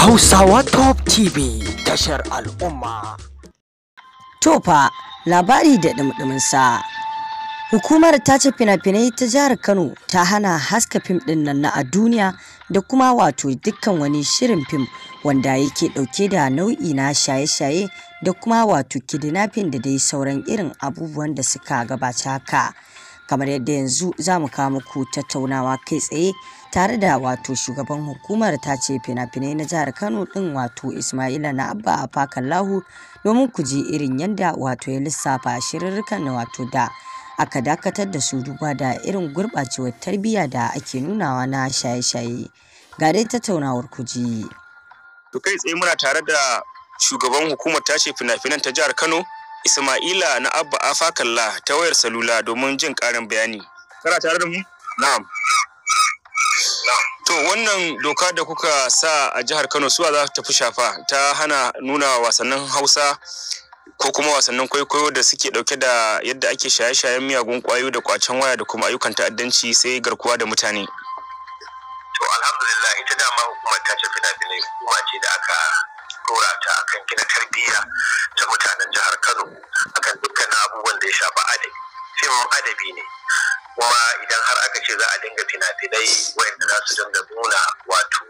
Hausawa Top TV tashar al'umma. Tofa labari da ɗumɗuminsa. Hukumar ta ce fina-finai ta jihar Kano ta hana haska fim ɗin nan na a duniya da kuma wato dukkan wani shirin fim wanda yake ɗauke da nau'i na shaye-shaye da kuma wato kidnapping da dai sauran irin abubuwan da suka gabata haka. kamar yadda yanzu za mu kawo muku tattaunawa kai tsaye tare da wato shugaban hukumar ta ce fina-finai na jihar kano din wato ismaila na abba a fakan lahu domin ku ji irin yadda wato ya lissafa shirarrukan na wato da aka dakatar da su duba da irin gurɓacewar tarbiyya da ake nunawa na shaye-shaye ga dai tattaunawar ku ji. kai tsaye muna tare da shugaban hukumar tashi fina-finan ta jihar Kano Ismaila na Abba Afakalla ta wayar salula domin jin ƙarin bayani. Kana tare da mu? Na'am. To wannan doka da kuka sa a jihar Kano suwa za ta fi shafa ta hana nuna wasannin Hausa ko kuma wasannin kwaikwayo da suke dauke da yadda ake shaye-shayen miyagun kwayo da kwacen waya da kuma ayyukan ta'addanci sai garkuwa da mutane. To alhamdulillah ita dama hukumar ta ce fina-finai hukuma ce da aka ɗora ta akan gina tarbiyya ta mutanen jihar Kano akan dukkan abubuwan da ya shafi adabi fim adabi ne kuma idan har aka ce za a dinga fina-finai wayanda za su dinga nuna wato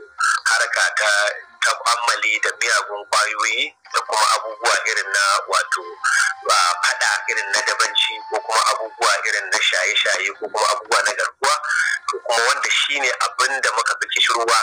harka ta ta'ammali da miyagun kwayoyi da kuma abubuwa irin na wato fada irin na dabanci ko kuma abubuwa irin na shaye-shaye ko kuma abubuwa na garkuwa to kuma wanda shine abin da muka fi kishirwa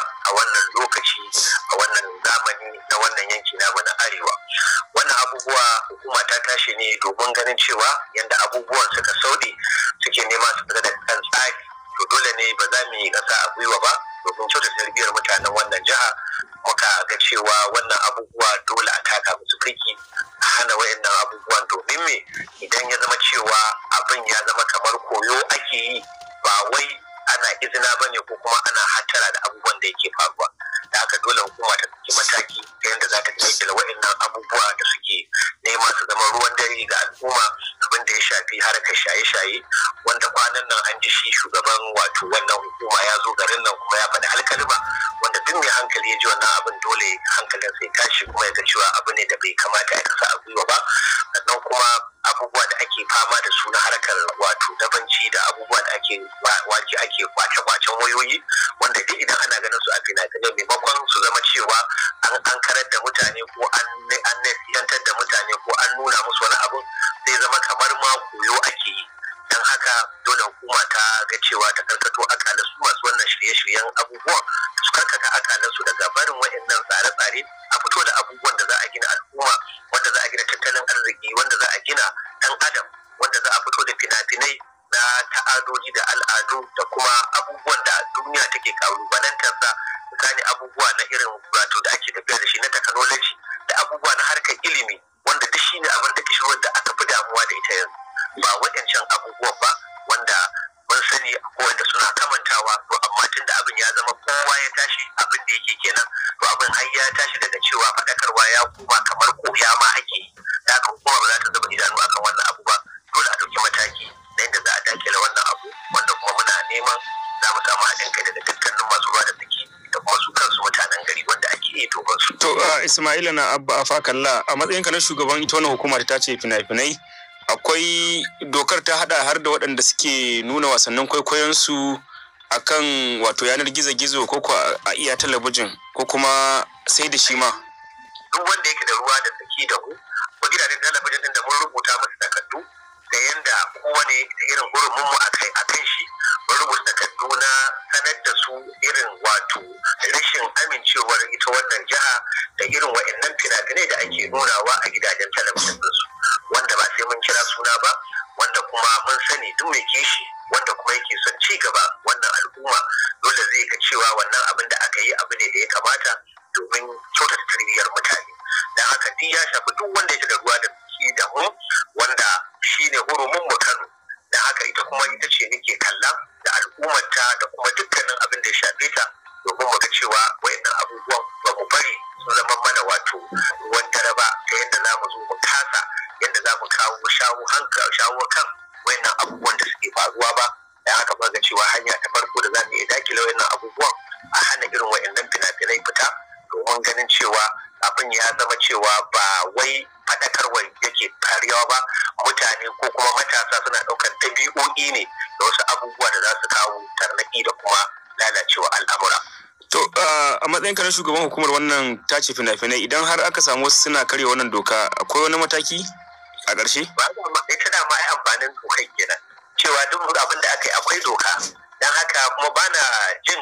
me idan ya zama cewa abin ya zama kamar koyo ake yi ba wai ana izina ba ne ko kuma ana hatara da abubuwan da yake faruwa da haka dole hukuma ta ɗauki mataki ta yadda za ta daƙile waɗannan abubuwa da suke nema su zama ruwan dare ga al'umma abin da ya shafi harkar shaye-shaye wanda kwanan nan an ji shi shugaban wato wannan hukuma ya zo garin nan kuma ya faɗi alkalima mai hankali ya ji wannan abin dole hankalin sai tashi kuma ya ga cewa abu ne da bai kamata ya kasa a gwiwa ba sannan kuma abubuwa da ake fama da su na harkar wato dabanci da abubuwa da ake wake ake kwace kwacen wayoyi wanda duk idan ana ganin su a fina-finai maimakon su zama cewa an karar da mutane ko an nasiyantar da mutane ko an nuna musu wani abu zai zama kamar ma koyo ake yi don haka dole hukuma ta ga cewa ta karkato akala su masu wannan shirye-shiryen abubuwan Ismaila na Abba a Fakalla a matsayinka na shugaban ita wannan hukumar ta ce fina-finai akwai dokar ta hada har da waɗanda suke nuna wasannin kwaikwayon su kan wato yanar gizo-gizo ko a iya talabijin ko kuma sai da shi ma. Duk wanda yake da ruwa da tsaki da mu, ko gidajen talabijin da mun rubuta masu takardu da yanda kowane irin gurin mu a kan shi mun rubuta takardu sanar da su irin wato rashin amincewar ita wannan jiha da irin wa'annan fina-finai da ake nunawa a gidajen talabijin su wanda ba sai mun kira suna ba wanda kuma mun sani duk mai kishi wanda kuma yake son ci gaba wannan al'umma dole zai ga cewa wannan abin da aka yi abu ne da ya kamata domin kyautata tarbiyyar mutane don haka duk ya shafi duk wanda ya shiga ruwa da da mu wanda shine hurumin mu Kano da haka ita kuma ita ce nake kalla da al'ummarta da kuma dukkanin abin da ya shafe ta domin mu ga cewa wayannan abubuwan ba mu bari sun zama mana wato ruwan taraba, ta yadda za mu zo mu kasa yadda za mu kawo shawo hankali shawo kan wayannan abubuwan da suke faruwa ba da haka ba ga cewa hanya ta farko da za mu iya dakile wayannan abubuwan a hana irin wayannan fina-finai fita domin ganin cewa abin ya zama cewa ba wai faɗakarwa yake faruwa ba mutane ko kuma matasa suna ɗaukar ɗabi'o'i ne da wasu abubuwa da za su kawo tarnaƙi da kuma lalacewa al'amura. To a matsayin ka na shugaban hukumar wannan tace fina-finai idan har aka samu wasu suna karya wannan doka akwai wani mataki a ƙarshe? Ba ita da ma amfanin dokan kenan cewa duk abin da aka yi akwai doka don haka kuma bana jin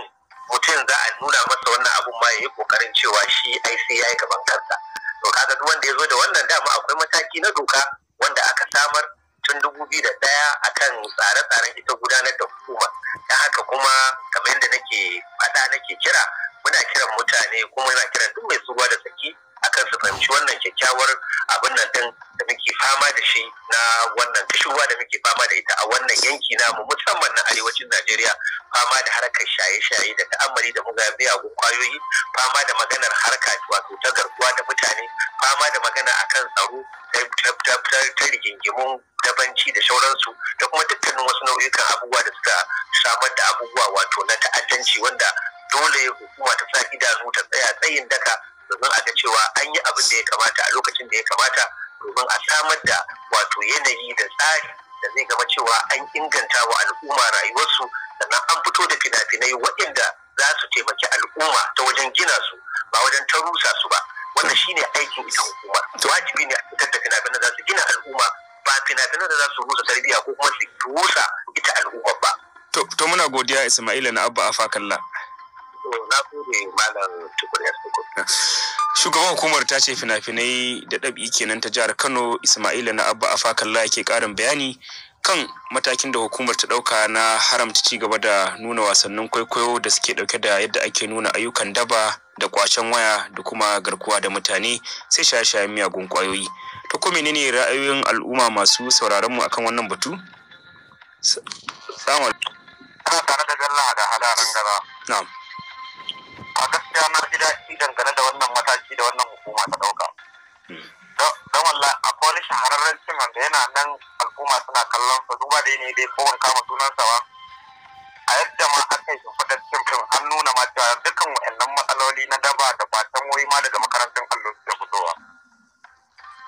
mutum za a nuna masa wannan abun ma ya yi kokarin cewa shi ai sai ya yi gaban kansa to kaga duk wanda ya zo da wannan dama akwai mataki na doka wanda aka samar tun dubu biyu da ɗaya akan tsare-tsaren ita gudanar da hukuma ta haka kuma kamar yadda nake faɗa nake kira muna kiran mutane kuma yana kiran duk mai suruwa da tsaki akan su fahimci wannan kyakkyawar abin nan din muke fama da shi na wannan kashuwa da muke fama da ita a wannan yanki na mu musamman na arewacin Najeriya fama da harkar shaye-shaye da ta'ammali da miyagun kwayoyi fama da maganar harka wato ta garkuwa da mutane fama da magana akan tsaro ta rigingimun dabanci da sauransu da kuma dukkanin wasu nau'ikan abubuwa da suka samar da abubuwa wato na ta'addanci wanda dole hukuma ta sa idanu ta tsaya tsayin daka domin a ga cewa an yi abin da ya kamata a lokacin da ya kamata domin a samar da wato yanayi da tsari da zai gama cewa an inganta wa al'umma rayuwarsu sannan an fito da fina-finai waɗanda za su taimaki al'umma ta wajen gina su ba wajen ta rusa su ba wannan shine aikin ita hukuma wajibi ne a fitar da fina finai za su gina al'umma ba fina finai da za su rusa tarbiyya ko kuma su rusa ita al'umma ba. To, muna godiya Ismaila na Abba Afakalla. Shugaban hukumar ta ce fina-finai da ɗabi kenan ta jihar Kano Ismaila na Abba a fakalla yake ƙarin bayani kan matakin da hukumar ta ɗauka na haramta ci gaba da nuna wasannin kwaikwayo da suke ɗauke da yadda ake nuna ayyukan daba da kwacen waya da kuma garkuwa da mutane sai shaye-shayen miyagun kwayoyi. To ko menene ra'ayoyin al'umma masu sauraron mu akan wannan batu? tare da gallaha da Hada Na'am. a gaskiya na ji daɗi dangane da wannan mataki da wannan hukuma ta ɗauka. Don wallah a wani shahararren cin da yana nan al'umma suna kallon su duba da ne dai kowane kama sunan ba. A yadda ma aka yi shimfiɗar cin fim an nuna ma cewa dukkan wa'annan matsaloli na daba da fatan wai ma daga makarantun allo suke fitowa.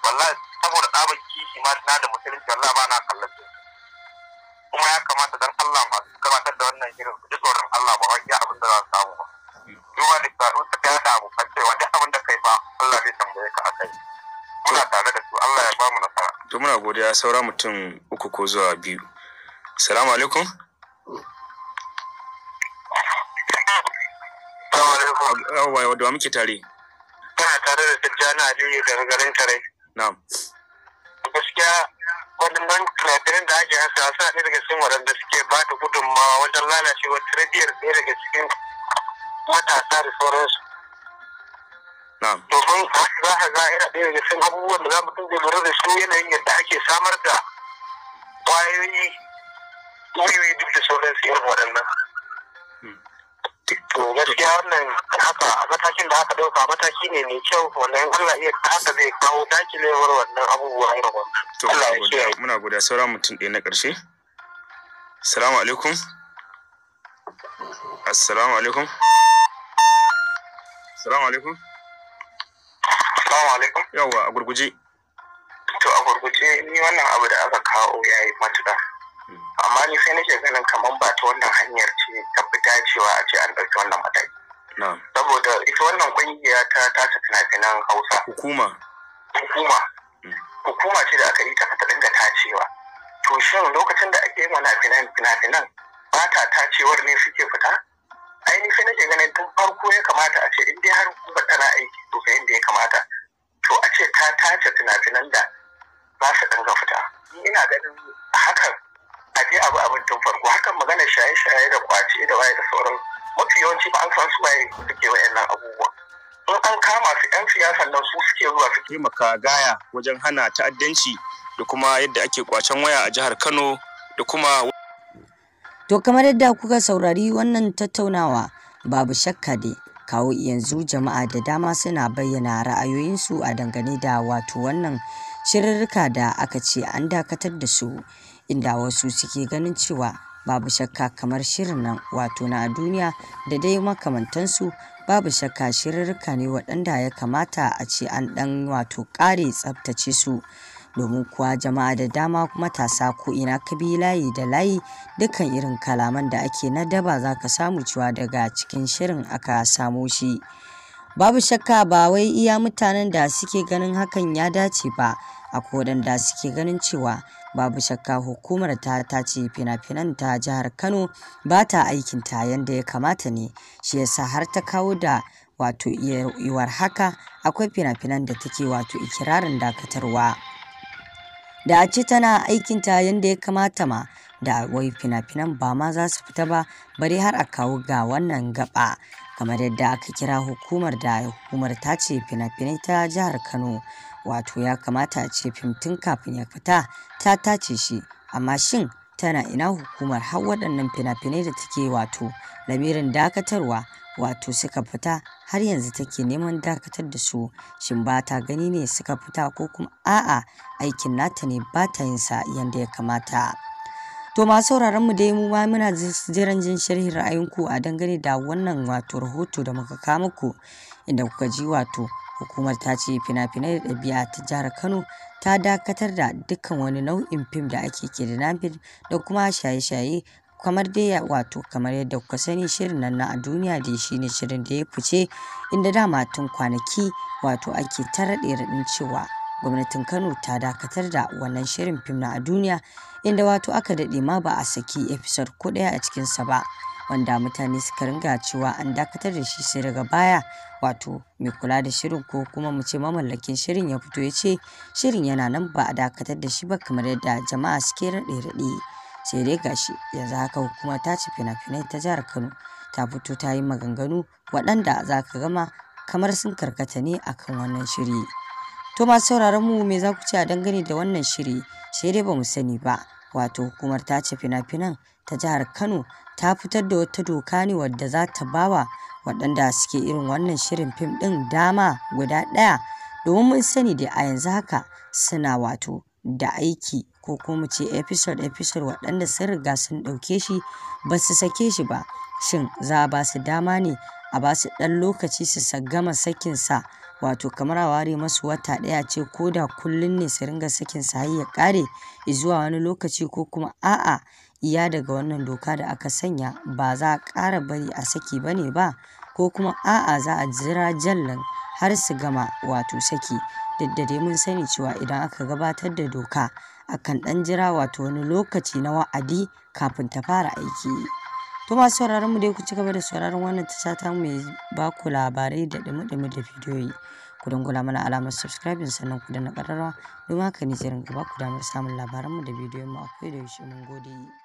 Wallahi saboda ɗaban kishi ma na da musulunci wallahi ba na kallon su. Kuma ya kamata don Allah masu gabatar da wannan shirin su ji tsoron Allah ba wai iya abin da za su samu ba. duba da shaɗu ta ta da abokan cewa wanda abin da kai ba Allah zai tambaye ka akai muna tare da su Allah ya ba mu nasara to muna godiya saura mutum uku ko zuwa biyu assalamu alaikum Yawwa wadda muke tare. Kana tare da Tijjani Aliyu daga garin Na. Na'am. Gaskiya ban tunatarin da ake hasa sa ne daga cikin waɗanda suke ba da gudunmawa wajen lalacewa tradiyar ɗaya daga cikin matasa da sauransu domin za ka ga yana ɗaya daga cikin abubuwan da za mutum zai lura da su yanayin yadda ake samar da ƙwayoyi ƙwayoyi duk da sauransu irin waɗannan to gaskiya wannan haka matakin da aka ɗauka mataki ne mai kyau wannan Allah iya haka zai kawo dakilewar wannan abubuwa irin wannan muna godiya sauran mutum ɗaya na ƙarshe salamu alaikum Assalamu alaikum. Assalamu alaikum. Assalamu alaikum. Yawwa a gurguje. To a gurguje ni wannan abu da aka kawo ya yi matuƙa. Hmm. Amma ni sai nake ganin kamar ba ta wannan hanyar ce ta fi dacewa a ce an ɗauki wannan mataki. Saboda ita wannan ƙungiya ta tasa fina-finan Hausa. Hukuma. Hukuma. Hmm. Hukuma ce da aka yi ta ta dinga tacewa. To shin lokacin da ake yi mana fina finan ta cewar ne suke fita ainihin nake ganin tun farko ya kamata a ce in dai har kuma tana aiki to ga inda ya kamata to a ce ta tace fina-finan da za su dinga fita ina ganin hakan a je abu abin tun farko hakan magana shaye-shaye da kwace da waye da sauran mafi yawanci ba an san su waye suke wayannan abubuwa in an kama su yan siyasa nan su suke zuwa su taimaka gaya wajen hana ta'addanci da kuma yadda ake kwacen waya a jihar Kano da kuma To kamar yadda kuka saurari wannan tattaunawa babu shakka dai kawo yanzu jama'a da dama suna bayyana ra'ayoyinsu a dangane da wato wannan shirirrika da aka ce an dakatar da su inda wasu suke ganin cewa babu shakka kamar shirin nan wato na duniya da dai makamantansu babu shakka shirirrika ne waɗanda ya kamata a ce an ɗan wato ƙare tsabtace su domin kuwa jama'a da dama matasa ko ina ka layi da layi dukkan irin kalaman da ake na daba za ka samu cewa daga cikin shirin aka samo shi babu shakka ba wai iya mutanen da suke ganin hakan ya dace ba a da suke ganin cewa babu shakka hukumar ta ta ce fina-finan ta jihar kano ba ta aikinta yadda ya kamata ne shi yasa har ta kawo da wato yiwuwar haka akwai fina-finan da take wato ikirarin dakatarwa. da a ce tana aikinta yadda ya kamata ma da wai fina-finan ba ma za su fita ba bari har a kawo ga wannan gaba kamar yadda aka kira hukumar da hukumar ta ce fina-finai ta jihar kano wato ya kamata a ce fim tun kafin ya fita ta tace shi amma shin tana ina hukumar har waɗannan fina-finai da take wato lamirin dakatarwa wato suka fita har yanzu take neman dakatar da su shin ba ta gani ne suka fita ko kuma a'a aikin nata ne ba ta yin sa yanda ya kamata to masu sauraron mu dai mu ma muna jiran jin sharhin ra'ayinku a dangane da wannan wato rahoto da muka kawo muku inda kuka ji wato hukumar ta ce fina-finai da ɗabi'a ta jihar kano ta dakatar da dukkan wani nau'in fim da ake ke kidnapping da kuma shaye-shaye kamar dai wato kamar yadda kuka sani shirin nan na a duniya dai shine shirin da ya fice inda dama tun kwanaki wato ake ta raɗe raɗin cewa gwamnatin kano ta dakatar da wannan shirin fim na a duniya inda wato aka daɗe ma ba a saki episode ko ɗaya a cikinsa ba wanda mutane suka ringa cewa an dakatar da shi sai daga baya wato mai kula da shirin ko kuma mu ce mamallakin shirin ya fito ya ce shirin yana nan ba a dakatar da shi ba kamar yadda jama'a suke raɗe-raɗe. sai dai gashi yanzu haka hukuma ta ci fina-finai ta jihar kano ta fito ta yi maganganu waɗanda za ka gama kamar sun karkata ne a kan wannan shiri to masu sauraron mu me za ku ce a dangane da wannan shiri sai dai ba mu sani ba wato hukumar ta ci fina-finan ta jihar kano ta fitar da wata doka ne wadda za ta bawa waɗanda suke irin wannan shirin fim ɗin dama guda ɗaya domin mun sani da a yanzu haka suna wato da aiki ko kuma mu ce episode episode waɗanda sun riga sun ɗauke shi ba su sake shi ba shin za a ba su dama ne a ba su ɗan lokaci su gama sa wato kamar a ware masu wata ɗaya ce ko da kullum ne su ringa sakin sa ya ƙare zuwa wani lokaci ko kuma a'a iya daga wannan doka da aka sanya ba za a ƙara bari a saki ba ne ba ko kuma a'a za a jira jallan har su gama wato saki duk da dai mun sani cewa idan aka gabatar da doka akan ɗan jira wato wani lokaci na wa'adi kafin ta fara aiki. To masu sauraron mu dai ku ci gaba da sauraron wannan tasha ta mai ba ku labarai da dumi-dumi da bidiyoyi. Ku dangula mana alamar subscribe sannan ku danna na domin haka ne jiran gaba ku damar samun labaran mu da bidiyon mu akwai da yaushe mun gode.